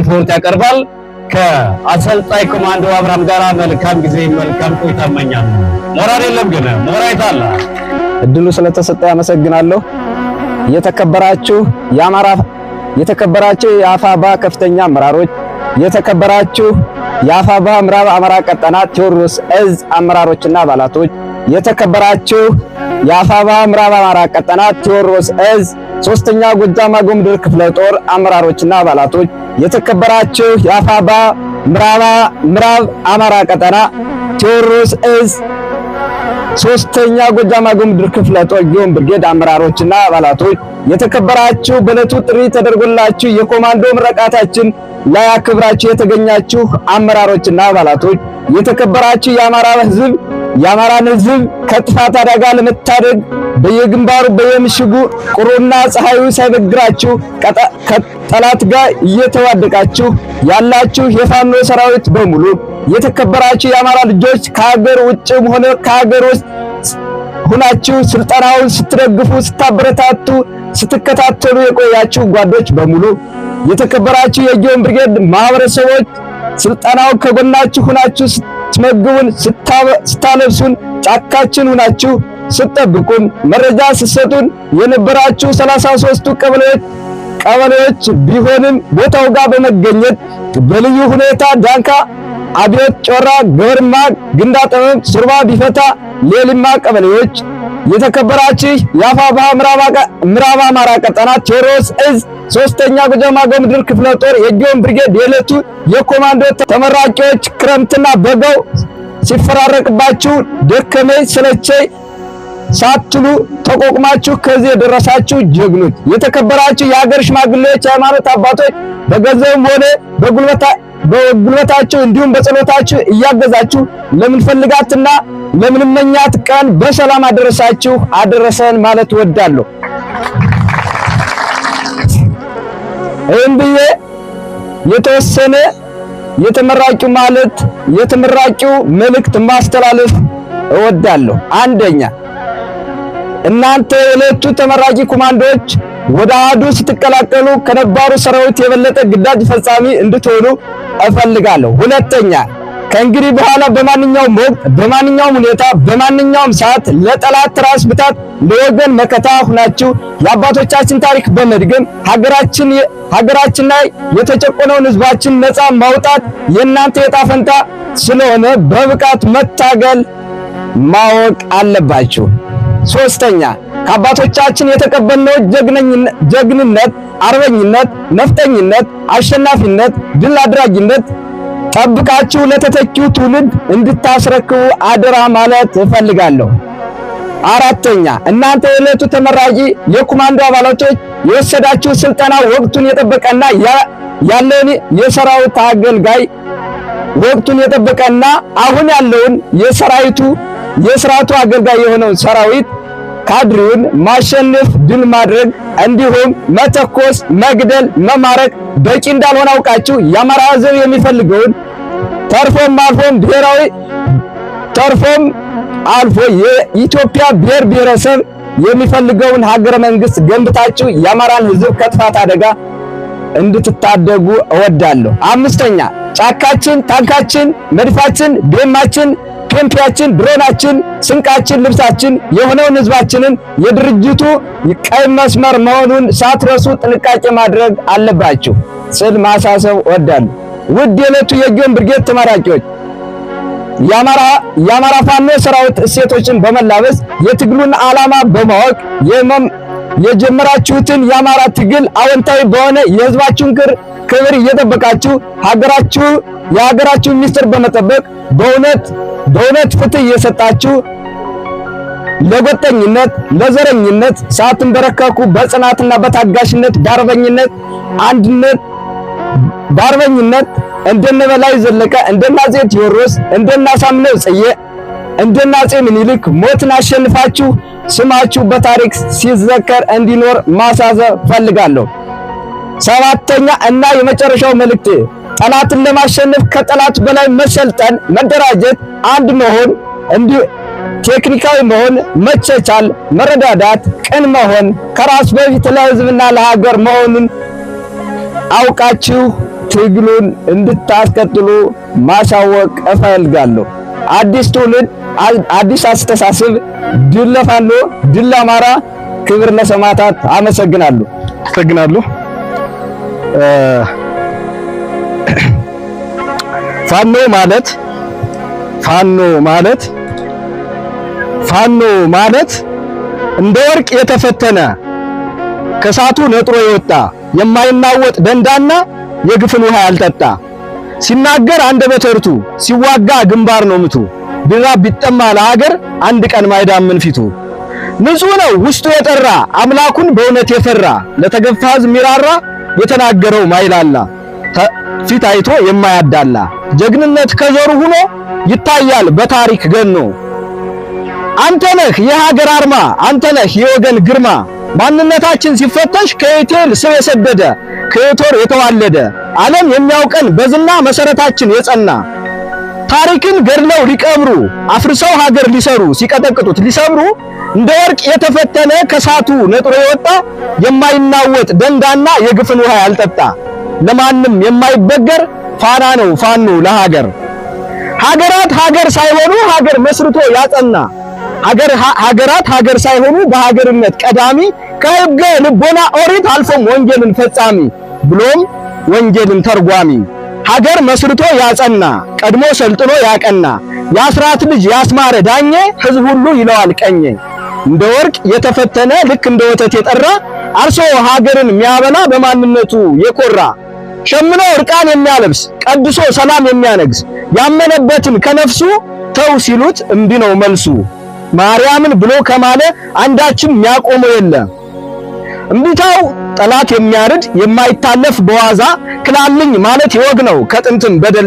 የፍርድ ያቀርባል። ከአሰልጣኝ ኮማንዶ አብርሃም ጋር መልካም ጊዜ መልካም ቆይታ እመኛለሁ። ሞራል የለም ግን ሞራይት አለ። እድሉ ስለተሰጠ ያመሰግናለሁ። የተከበራችሁ የአማራ የተከበራችሁ የአፋባ ከፍተኛ አመራሮች፣ የተከበራችሁ የአፋባ ምዕራብ አማራ ቀጠና ቴዎድሮስ እዝ አመራሮችና አባላቶች፣ የተከበራችሁ የአፋባ ምዕራብ አማራ ቀጠና ቴዎድሮስ እዝ ሶስተኛ ጎጃም አገው ምድር ክፍለ ጦር አመራሮችና አባላቶች የተከበራችሁ የአፋባ ምራብ አማራ ቀጠና ቴዎድሮስ እዝ ሶስተኛ ጎጃም አገው ምድር ክፍለ ጦር ጊዮን ብርጌድ አመራሮችና አባላቶች የተከበራችሁ በእለቱ ጥሪ ተደርጎላችሁ የኮማንዶ ምረቃታችን ላይ አክብራችሁ የተገኛችሁ አመራሮችና አባላቶች የተከበራችሁ የአማራ ህዝብ የአማራን ህዝብ ከጥፋት አደጋ ለመታደግ በየግንባሩ በየምሽጉ ቁሩና ፀሐዩ ሳይበግራችሁ ከጠላት ጋር እየተዋደቃችሁ ያላችሁ የፋኖ ሰራዊት በሙሉ የተከበራችሁ የአማራ ልጆች ከሀገር ውጭም ሆነ ከሀገር ውስጥ ሁናችሁ ስልጠናውን ስትደግፉ፣ ስታበረታቱ፣ ስትከታተሉ የቆያችሁ ጓዶች በሙሉ የተከበራችሁ የጊዮን ብርጌድ ማህበረሰቦች ስልጠናው ከጎናችሁ ሁናችሁ ስትመግቡን፣ ስታለብሱን፣ ጫካችን ሁናችሁ ስትጠብቁን፣ መረጃ ስትሰጡን የነበራችሁ ሰላሳ ሦስቱ ቀበሌዎች ቀበሌዎች ቢሆንም ቦታው ጋር በመገኘት በልዩ ሁኔታ ዳንካ፣ አብዮት፣ ጮራ፣ ገበርማ፣ ግንዳ ጠመም፣ ሱርባ፣ ቢፈታ፣ ሌሊማ ቀበሌዎች የተከበራችሁ የአፋባ ባህ ምዕራብ አማራ ቀጠና ቴዎድሮስ እዝ ሶስተኛ ጎጃም አገው ምድር ክፍለ ጦር የጊዮን ብርጌድ የዕለቱ የኮማንዶ ተመራቂዎች ክረምትና በጋው ሲፈራረቅባችሁ ደከመኝ ስለቸኝ ሳትሉ ተቆቁማችሁ ከዚህ የደረሳችሁ ጀግኖች፣ የተከበራችሁ የሀገር ሽማግሌዎች፣ የሃይማኖት አባቶች በገንዘብም ሆነ በጉልበታችሁ እንዲሁም በጸሎታችሁ እያገዛችሁ ለምንፈልጋትና ለምንመኛት ቀን በሰላም አደረሳችሁ አደረሰን ማለት እወዳለሁ። ይህም ብዬ የተወሰነ የተመራቂው ማለት የተመራቂው መልእክት ማስተላለፍ እወዳለሁ። አንደኛ እናንተ የዕለቱ ተመራቂ ኮማንዶዎች ወደ አሃዱ ስትቀላቀሉ ከነባሩ ሰራዊት የበለጠ ግዳጅ ፈጻሚ እንድትሆኑ እፈልጋለሁ። ሁለተኛ ከእንግዲህ በኋላ በማንኛውም ወቅት፣ በማንኛውም ሁኔታ፣ በማንኛውም ሰዓት ለጠላት ራስ ብታት ለወገን መከታ ሁናችሁ የአባቶቻችን ታሪክ በመድገም ሀገራችን ሀገራችን ላይ የተጨቆነውን ህዝባችን ነፃ ማውጣት የእናንተ የጣፈንታ ስለሆነ በብቃት መታገል ማወቅ አለባችሁ። ሶስተኛ ከአባቶቻችን የተቀበልነው ጀግንነት፣ አርበኝነት፣ ነፍጠኝነት፣ አሸናፊነት፣ ድል አድራጊነት ጠብቃችሁ ለተተኪው ትውልድ እንድታስረክቡ አደራ ማለት እፈልጋለሁ። አራተኛ እናንተ የዕለቱ ተመራቂ የኮማንዶ አባላቶች የወሰዳችሁ ስልጠና ወቅቱን የጠበቀና ያለውን የሰራዊት አገልጋይ ወቅቱን የጠበቀና አሁን ያለውን የሰራዊቱ የስርዓቱ አገልጋይ የሆነውን ሰራዊት ካድሪውን ማሸነፍ፣ ድል ማድረግ እንዲሁም መተኮስ፣ መግደል፣ መማረክ በቂ እንዳልሆነ አውቃችሁ የአማራ ሕዝብ የሚፈልገውን ተርፎም አልፎም ብሔራዊ ተርፎም አልፎ የኢትዮጵያ ብሔር ብሔረሰብ የሚፈልገውን ሀገረ መንግስት ገንብታችሁ የአማራን ህዝብ ከጥፋት አደጋ እንድትታደጉ እወዳለሁ። አምስተኛ ጫካችን፣ ታንካችን፣ መድፋችን፣ ቤማችን፣ ኬምፒያችን፣ ድሮናችን፣ ስንቃችን፣ ልብሳችን የሆነውን ህዝባችንን የድርጅቱ ቀይ መስመር መሆኑን ሳትረሱ ጥንቃቄ ማድረግ አለባችሁ ስል ማሳሰብ እወዳለሁ። ውድ የዕለቱ የጊዮን ብርጌድ ተመራቂዎች የአማራ ፋኖ ሰራዊት እሴቶችን በመላበስ የትግሉን ዓላማ በማወቅ የጀመራችሁትን የአማራ ትግል አወንታዊ በሆነ የህዝባችሁን ክብር እየጠበቃችሁ ሀገራችሁ የሀገራችሁ ሚስጥር በመጠበቅ በእውነት በእውነት ፍትህ እየሰጣችሁ ለጎጠኝነት ለዘረኝነት ሳትንበረከኩ በጽናትና በታጋሽነት በአርበኝነት አንድነት በአርበኝነት እንደነ በላይ ዘለቀ፣ እንደነ አፄ ቴዎድሮስ፣ እንደነ አሳምነው ጽጌ፣ እንደነ አፄ ምኒልክ ሞትን አሸንፋችሁ ስማችሁ በታሪክ ሲዘከር እንዲኖር ማሳሰብ ፈልጋለሁ። ሰባተኛ እና የመጨረሻው መልእክቴ ጠላትን ለማሸነፍ ከጠላት በላይ መሰልጠን፣ መደራጀት፣ አንድ መሆን እንዲ ቴክኒካዊ መሆን፣ መቻቻል፣ መረዳዳት፣ ቅን መሆን፣ ከራስ በፊት ለህዝብና ለሀገር መሆኑን አውቃችሁ ትግሉን እንድታስቀጥሉ ማሳወቅ እፈልጋለሁ። አዲስ ትውልድ፣ አዲስ አስተሳሰብ። ድል ለፋኖ፣ ድል ለአማራ፣ ክብር ለሰማዕታት። አመሰግናለሁ። አመሰግናለሁ። ፋኖ ማለት ፋኖ ማለት ፋኖ ማለት እንደ ወርቅ የተፈተነ ከሳቱ ነጥሮ የወጣ የማይናወጥ ደንዳና የግፍን ውሃ ያልጠጣ ሲናገር አንደበተ ርቱ ሲዋጋ ግንባር ነው ምቱ ቢራብ ቢጠማ ለሀገር አንድ ቀን ማይዳምን ፊቱ ንጹህ ነው ውስጡ የጠራ አምላኩን በእውነት የፈራ ለተገፋ ሕዝብ ሚራራ የተናገረው ማይላላ ፊት አይቶ የማያዳላ ጀግንነት ከዘሩ ሆኖ ይታያል በታሪክ ገኖ አንተ ነህ የሀገር አርማ አንተ ነህ የወገን ግርማ ማንነታችን ሲፈተሽ ከኢትዮል ስር የሰደደ ከኤቶር የተዋለደ ዓለም የሚያውቀን በዝና መሰረታችን የጸና ታሪክን ገድለው ሊቀብሩ አፍርሰው ሀገር ሊሰሩ ሲቀጠቅጡት ሊሰብሩ እንደ ወርቅ የተፈተነ ከሳቱ ነጥሮ የወጣ የማይናወጥ ደንዳና የግፍን ውሃ ያልጠጣ ለማንም የማይበገር ፋና ነው ፋኖ ለሀገር ሀገራት ሀገር ሳይሆኑ ሀገር መስርቶ ያጸና ሀገራት ሀገር ሳይሆኑ በሀገርነት ቀዳሚ ከህገ ልቦና ኦሪት አልፎም ወንጌልን ፈጻሚ ብሎም ወንጌልን ተርጓሚ ሀገር መስርቶ ያጸና ቀድሞ ሰልጥኖ ያቀና የአስራት ልጅ ያስማረ ዳኘ ህዝብ ሁሉ ይለዋል ቀኘ። እንደ ወርቅ የተፈተነ ልክ እንደ ወተት የጠራ አርሶ ሀገርን የሚያበላ በማንነቱ የኮራ ሸምኖ እርቃን የሚያለብስ ቀድሶ ሰላም የሚያነግስ ያመነበትን ከነፍሱ ተው ሲሉት እምቢ ነው መልሱ። ማርያምን ብሎ ከማለ አንዳችም የሚያቆመው የለም። እምቢታው ጠላት የሚያርድ የማይታለፍ በዋዛ ክላልኝ ማለት ይወግ ነው ከጥንትም በደል